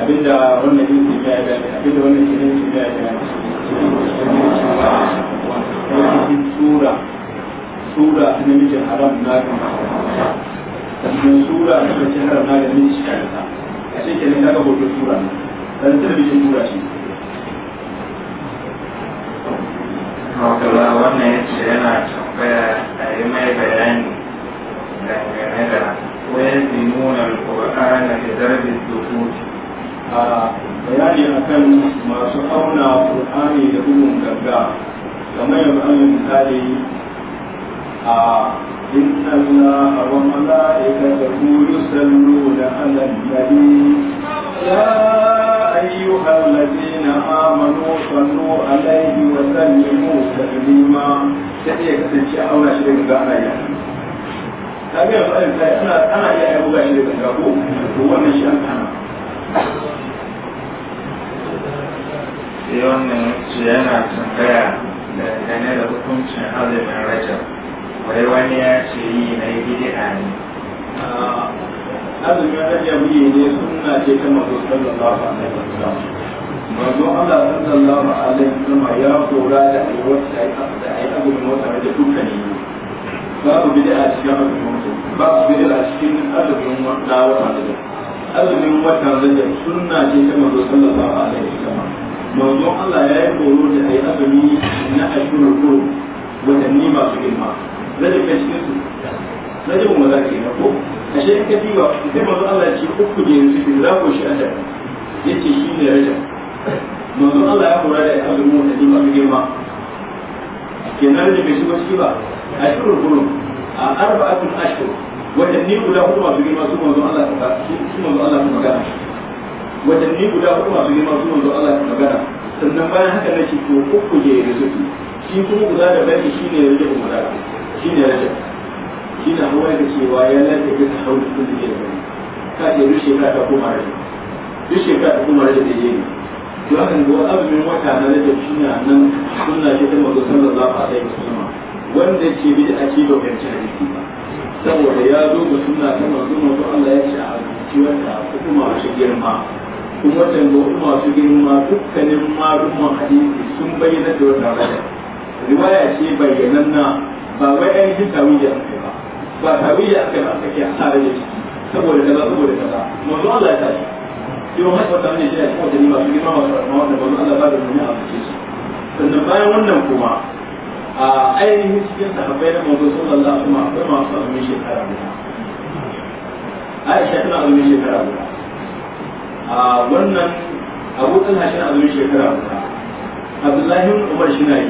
abinda wannan yin ke ya gani abinda wannan shi ne ke ya gani cikin sura sura na mijin haram na kan sannan sura da kace har na da ni a ce daga hoto sura dan talabijin sura shi Makala wannan ya ce yana tambaya a yi mai bayani dangane da wayan zinunan Al-Qur'an da dokoki. A bayani kan masu auna Qur'ani da bugun gaggawa kamar an misali a إن الله وملائكته يصلون على النبي يا أيها الذين آمنوا صلوا عليه وسلموا تسليما تأتيك تنشي شريك بأنا يا أبي أنا أنا يا أبو بشر بن هو من شأن أنا sai wannan yana tambaya da gane da hukuncin azumin rajab wai wani ya ce yi na yi ne azumi ne ce ta sallallahu alaihi wasallam Allah sallallahu alaihi wasallam ya kora da aiwata da ai da babu bid'a cikin azumin babu bid'a cikin azumin azumin rajab sunna ce ta manzo sallallahu alaihi wasallam manzo Allah ya yi da azumi na ashurul masu girma rajin mai cikin su rajin mu za ka yi na ko a shi in ka diba idan manzo Allah ya ce uku ne yanzu bin zago shi a daga ya ce shi ne rajin manzo Allah ya hura da abin mu da jima girma. ma kenan rajin bai shigo ciki ba a shirin gurin a a arba'atun ashkur watanni guda hudu masu girma su manzo Allah ta su manzo Allah ta magana watanni guda hudu masu girma su manzo Allah ta magana sannan bayan haka na nake ko uku ne yanzu shi kuma guda da bai shi ne rajin mu da shi ne rajab shi na ruwa da cewa ya lantarki ta hau cikin da ke da gani ka ce duk shekara ta koma rajab duk shekara ta koma rajab da yi to haka ne wani azumin wata na rajab shi na nan suna ce ta mazo sallallahu alaihi wasallam wanda ce bi da ake ba fahimci hadisi ba saboda ya zo ga suna ta mazo mazo Allah ya ce a rubuci wanda kuma shi girma kuma watan da kuma su girma dukkanin malumman hadisi sun bayyana da wannan rajab riwaya ce na. ba wai ainihin tawiyya ake ba ba tawiyya aka ba aka ke hasara da ciki saboda kaza saboda kaza mazu Allah ya tashi yau har wata da shi ne kuma jini ni masu girma masu rama wanda mazu Allah ba da duniya a cikin su sannan bayan wannan kuma a ainihin cikin sahabbai na manzo sallallahu alaihi wasallam akwai masu azumin shekara guda Aisha tana azumin shekara guda a wannan Abu Talha shi azumin shekara guda Abdullahi Umar shi na yi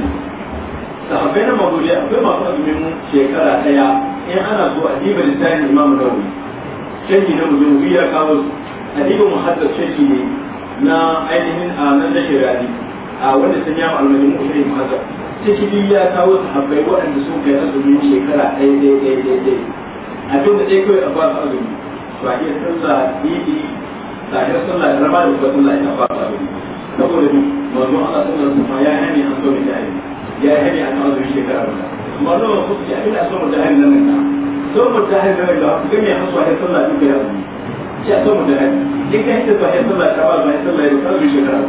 sahabbai na magoje akwai masu azumin shekara daya in ana so a diba lissafin imam nawawi shaiki na mutum kawo a diba muhaddas shaiki ne na ainihin a nan da a wanda sun yawa almajin mutum muhaddar shaiki ya kawo sahabbai waɗanda sun kai azumin shekara ɗaya ɗaya ɗaya ɗaya ɗaya abin da ɗaya kawai a ba su azumi ba iya sallah didi sahiyar sallah da rama da kuma sallah ina ba su azumi saboda ya an zo da ayyuka ya yi a kan wani shekara guda amma zuwa kusa ya ina so mutahari na nan so mutahari na nan ga wasu gami a hasu a yasar lafi ci a ya so mutahari in ka hita zuwa yasar lafi a ba yasar lafi ga wani shekara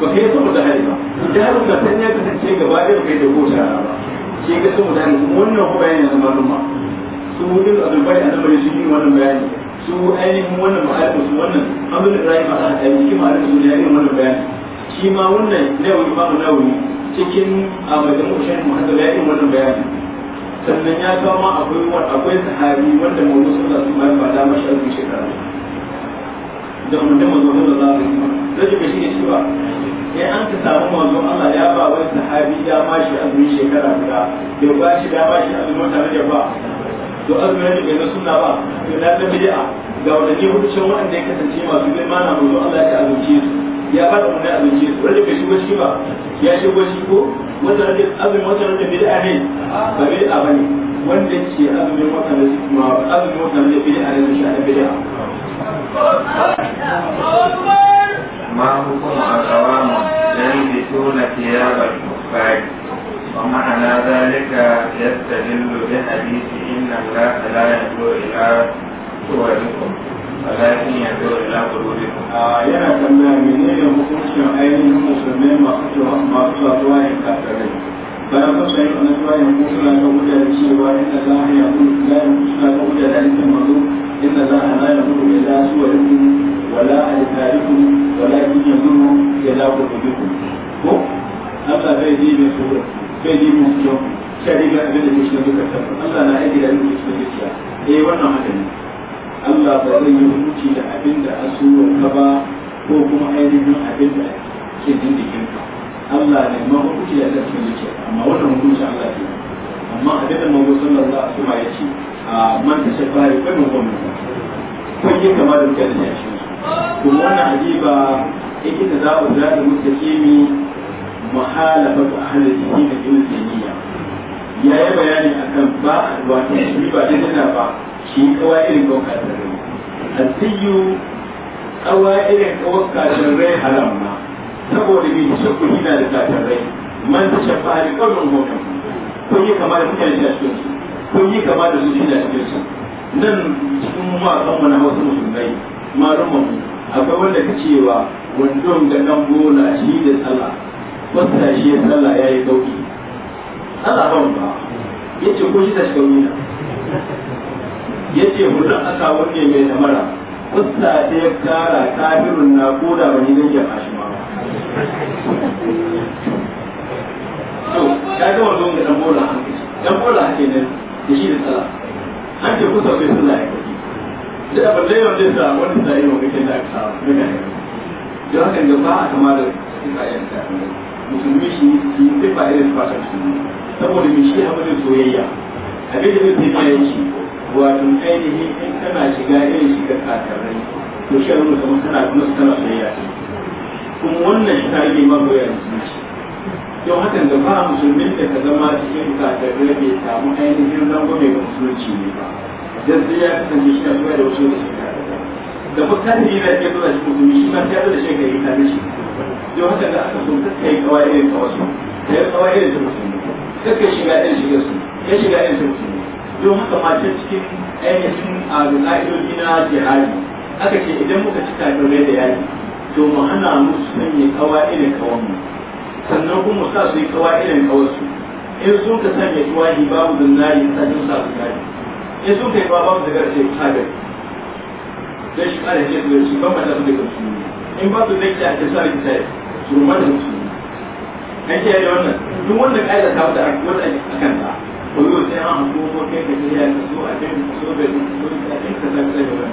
guda ba kai so mutahari ba jarin da ta ya gaba ɗaya kai da ko shara ba shi ka so mutahari wannan ko bayani na maluma su hudun azubai a nan shi ne wannan bayani su ainihin wannan ma'aikatu wannan abin da ta yi a yi kima a rikin wannan bayani shi ma wannan ba imamu nawawi cikin a majalisar mu muhammad ya yi wannan bayani sannan ya kawo ma akwai akwai sahabi wanda mu sallallahu alaihi wasallam ba da mashi alƙi shekara da wanda manzo sallallahu alaihi wasallam shi ka shi cewa sai an ka samu manzo Allah ya ba wani sahabi ya mashi azumi shekara guda ya ba shi da mashi azumi tare da ba to azumin ne bai na sunna ba to na da bid'a ga wadanne hukuncin wanda ya kasance masu girma na manzo Allah ya azumce su ya fara wannan abinci su rage bai shigo shi ba ya shigo shi ko wata rage azumin wata rage bid'a ne ba bid'a ba ne wanda ke azumin wata rage kuma azumin wata rage bid'a ne su shaɗa bid'a. ما حكم أقوام يلبسون ثياب الكفار ومعنى ذلك يستدل بحديث إن الله لا يدعو إلى صوركم walakin ya zo a yana tambaya menene hukuncin ainihin musulmai masu zuwa masu zuwa yin kafirai bayan fasa yin wani zuwa yin kusura ta wuce da cewa inda za a yi kuma yin kusura ta wuce da aikin mazo inda za a laye gudu ila suwarku wala a yi tariku wala kin ya gudu ila gurbi ko Allah bai ji mai tsoro bai ji mai tsoro sai dai abin da ke cikin duka tabbata Allah na aiki da abin da ke cikin eh wannan haka ne Allah ba zai yi hukunci da abin da ka ba ko kuma ainihin abin da ke dindiginka Allah ne ma hukunci da ta cikin zuciya amma wannan hukunci Allah ke. amma abin da manzo sallallahu alaihi wasallam ya ce a man ta shafa ya kai mun gwamnati kun yi kama da mutane da shi kuma wannan ajiba yake da zaɓa zaɓa mutaqimi muhalafatu ahli dini da jin ya yi bayani akan ba a wata shi ba da ba shi kawa irin kawa kafirai asiyu kawa irin kawa rai haram na saboda shi shakku na da rai man ta shafa da kawai hoton kun yi kama da mutane da cikin su kun yi kama da su da cikin su nan cikin mawakan wani hausa musulmai mu akwai wanda ka cewa wandon da nan bola shi da tsala wata shi ya tsala ya yi dauki tsala ban ba ya ce ko shi ta shiga na. ya ce murna aka wanne mai namara kusa ta ya kara kafirun na koda ba ni gayyar shi ma to ya ga wannan ga dan bola hanke dan bola hanke ne da shi da sala hanke kusa bai sallah ya kaji da ba dai wanda da wani da yi wani da ka ne ne haka da ba a kama da ibrahim musulmi shi shi sai ba irin fatan saboda mishi hamadin soyayya abin da ya yi shi wato ainihin in tana shiga irin shiga kakarrai to shi abin kamar tana kuma su tana soyayya ce kuma wannan shi ta rage magoya da zuci don hakan da ba musulmin da ka zama cikin kakarrai bai samu ainihin rangwame ga musulunci ne ba dan sai ya kasance shi na soyayya da wasu da su da kuma kafiri da iya zuwa shi musulmi shi ma ta zo da shi ka yi tare shi don haka da aka so ta kai kawai irin ta wasu ta yi kawai irin ta musulmi ta kai shiga irin shiga su ya shiga irin ta musulmi don haka mace cikin ainihin alula'idoji na jihari aka ce idan muka cika kafirai da yaki to mu hana musu sanya kawa irin kawan mu sannan kuma sa su yi kawa irin kawarsu in sun ka sanya yi babu zinari ta jin sa su gari in sun ka yi babu da garce kafir don shi kare ce da shi ban mata su da kansu in ba su zai a sa da ta su rumar da musu an ce da wannan duk wanda ka yi da ta wata wata akan koyo sai an hukumo kai ka jiya ka so a cikin ka so da ka a cikin ka san sai ba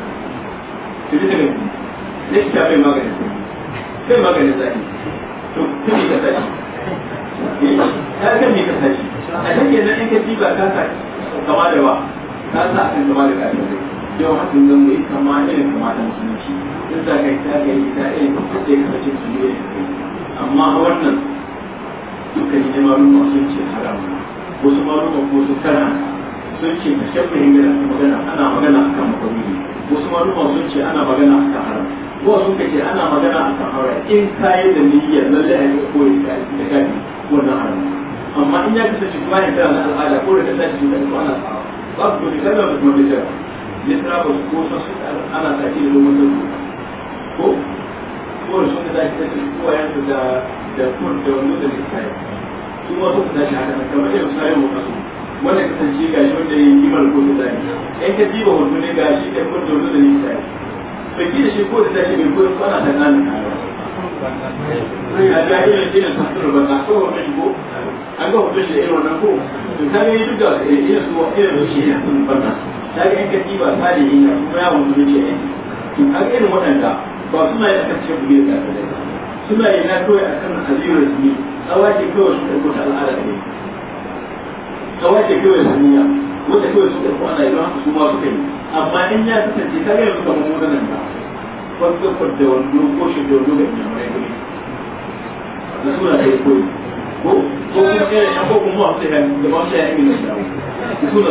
ki ta gani ne shi ta bai magana sai magana to kini ka sai eh, ka kan mi ka sai a cikin yanzu in ka diba ka sa kama ba ka sa akan kama da kai yau hakan zan kama irin kama da musulunci duk da kai ta kai ta ka kuɗe ka cikin su amma wannan dukkan hidimarun masu ce haramu wasu maluma ko su kana sun ce shan shafi da magana ana magana a akan ne wasu maluma sun ce ana magana a kan haram ko sun ce ana magana a kan haram in kayi da niyyar lalle a yi koyi da kai na haram amma in ya kasance kuma ya tara da al'ada ko da ta tashi da ko ana ba ku da kana da kuma da ta ya tara ba su ko sun su ana tashi da domin sun ko ko sun da tashi da kowa da da kun da wani da littafi su ma su tashi haka kamar yadda su ayyuka kasu wanda ka tashi ga shi wanda ya yi ko da in ka jiba hoto ne ga shi da kuma dole da nisa to ki da shi ko da tashi mai koyon kwana da nan na ba na ko ko su ne ya irin suna yi a kan cikin bugu yi na kawai a kan azirar ne tsawa kawai su ɗauko ta al'ada ne tsawa kawai su niyya wata kawai su ɗauko ana idan su ma su kai amma in ya kasance ta gaya suka mamu nan ta wanda kwadda wando ko shi da wando ga inyamurai ne na suna da ya koyi ko ko kuma irin yan ko kuma wasu da ba su ya yi ne da suna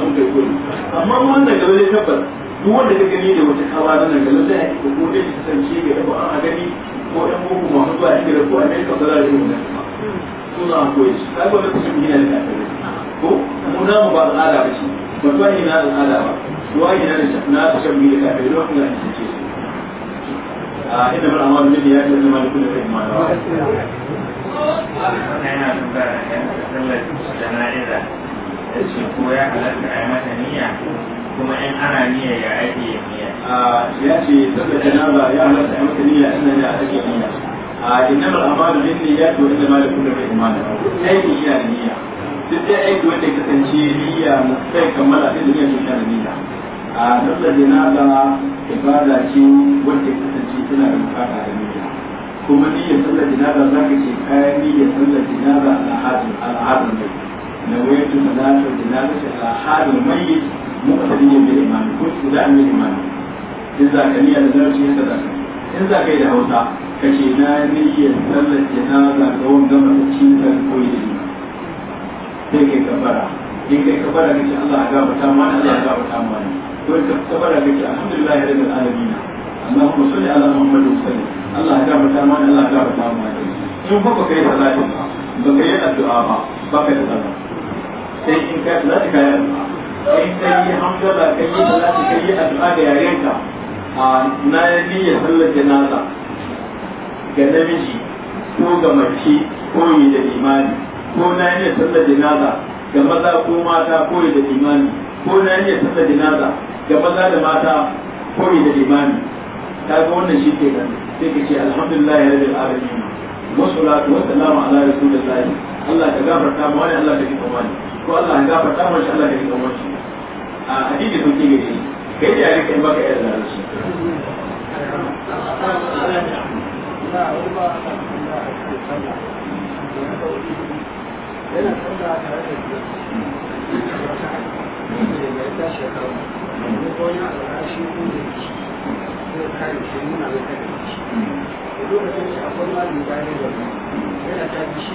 sun kai koyi amma wannan gaba ne tabbata duk wanda ka gani da wata kawa da nan galan da ya ko ko dai ga rabu a gani ko ɗan boko ma zuwa a ga rabu a mai ka zara da wannan suna ko shi kai su kusa ne da kafin ko mu na mu ba al'ada ba shi ba ne na al'ada ba tuwa ne na na ta bi da kafin da kuma ne ce a inda bar amma bin ya ce zama da kai ma da ko ya halatta a mata niyya kuma in ana niyya ya ake yin ya ce sanda janaba ya halatta a mata niyya ina ne a ake niyya a innama al'amalu bin niyya to inda ma da kullu bai imani aiki yana da niyya duk da aiki wanda ya kasance niyya mu kamar kammala cikin niyya to yana da niyya a sanda janaba ibada ce wanda ya kasance tana da bukata da niyya kuma niyyar sallar jinaza za ka ce kayan niyyar sallar jinaza al'adun al'adun mai na wayar tu salatar jinaza ta al'adun mai muqtadin bil iman ko idan min iman in za ka niyya da zarci ka da in za ka yi da Hausa ka ce na niyyar sallar janaza ga wanda mutunci da koyi da ni sai kai kafara in kai kafara ka ce Allah ya gafarta ma Allah ya gafarta mana ko ka kafara ka ce alhamdulillah rabbil alamin Allahumma salli ala Muhammad wa sallim Allah ya gafarta mana Allah ya gafarta mana in ba ka kai salatin ba ba ka yi addu'a ba ba ka da sallah sai in ka salati ka yi addu'a in ka yi hamdala ka yi salati ka yi addu'a da yarenka a na niyyar sallar janaza ga namiji ko ga mace ko yi da imani ko na niyyar sallar janaza ga maza ko mata ko yi da imani ko na niyyar sallar janaza ga maza da mata ko yi da imani ta ga wannan shi ke nan sai ka ce alhamdulillah ya rabbil alamin wasu salatu wassalamu ala rasulillahi Allah ka gafarta mu wani Allah ka kifa wani ko Allah ya gafarta mu Allah ya kika mushi a hadisi sun kike shi kai da yake baka yarda da shi yana ta shi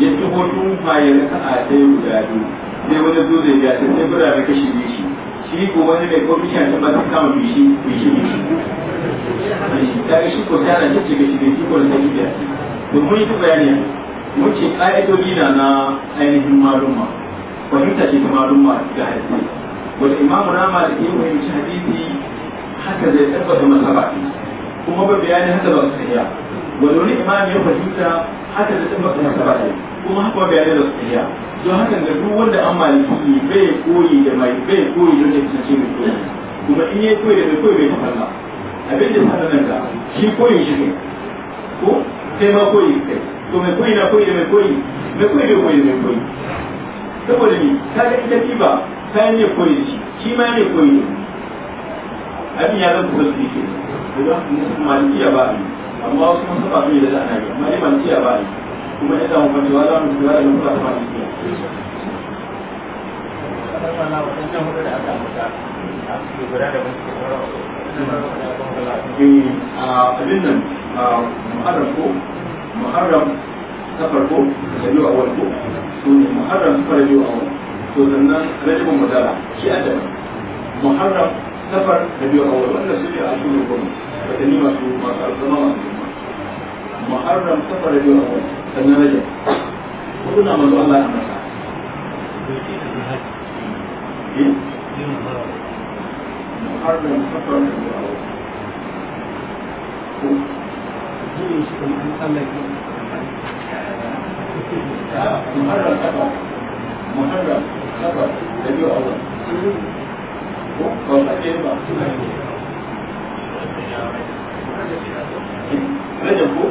ya ci hotun ya rika a ɗaya guda biyu sai wani zo da ya sai da kashi biyu shi shi ko wani mai kofi shan taɓa ta kama shi bishi shi daga shi Ta ko na cikin ce gashi shi ko sai biya to mun yi bayani mun ce ƙa'idodi na na ainihin maluma fahimta ce ta maluma ga hadisi Wani imamu na da ke fahimci hadisi haka zai tabbata masaba kuma ba bayani haka ba su sahiya wanda wani imamu ya fahimta haka zai tabbata masaba ne kuma haka bai da su iya don haka da duk wanda an maliki bai koyi da mai bai koyi da wanda kasance mai koyi kuma in yayi koyi da mai koyi bai ta falla abin da sanar nan ka shi koyi shi ne ko sai ma koyi kai to mai koyi na koyi da mai koyi mai koyi da koyi da mai koyi saboda ni ka ga ita ba ta ne koyi shi shi ma ne koyi abin ya zama kusa su ke da za su musu malikiya ba amma wasu masu ba su yi da ana yi amma ne ya ba ne kuma ina umarni wa zamu kula da kula da malikiya abin nan muharram ko muharram ta farko da yau awal ko su ne muharram ta fara yau awal to sannan rajabin mutala shi adam muharram safar da biyu awal wanda su ne a shirin gwamnati watanni masu masu alzama masu muharram safar da biyu awal sannan rajab hudu na manzo Allah ya ambata Muharram Safar da Allah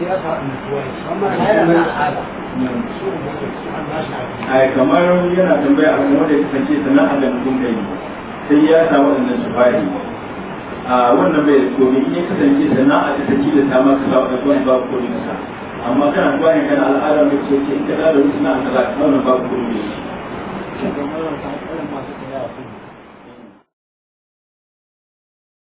ai kamar yana tambaya a kuma da ya kasance sana'ar da mutum da yi sai ya samu wannan shafari a wannan bai komi in ya kasance sana'a ta tafi da samar ka samu ɗan wani babu komi nasa amma kana kwanin kana al'ada mai ce ce in ka da wani sana'a ka za ka wannan babu komi nasa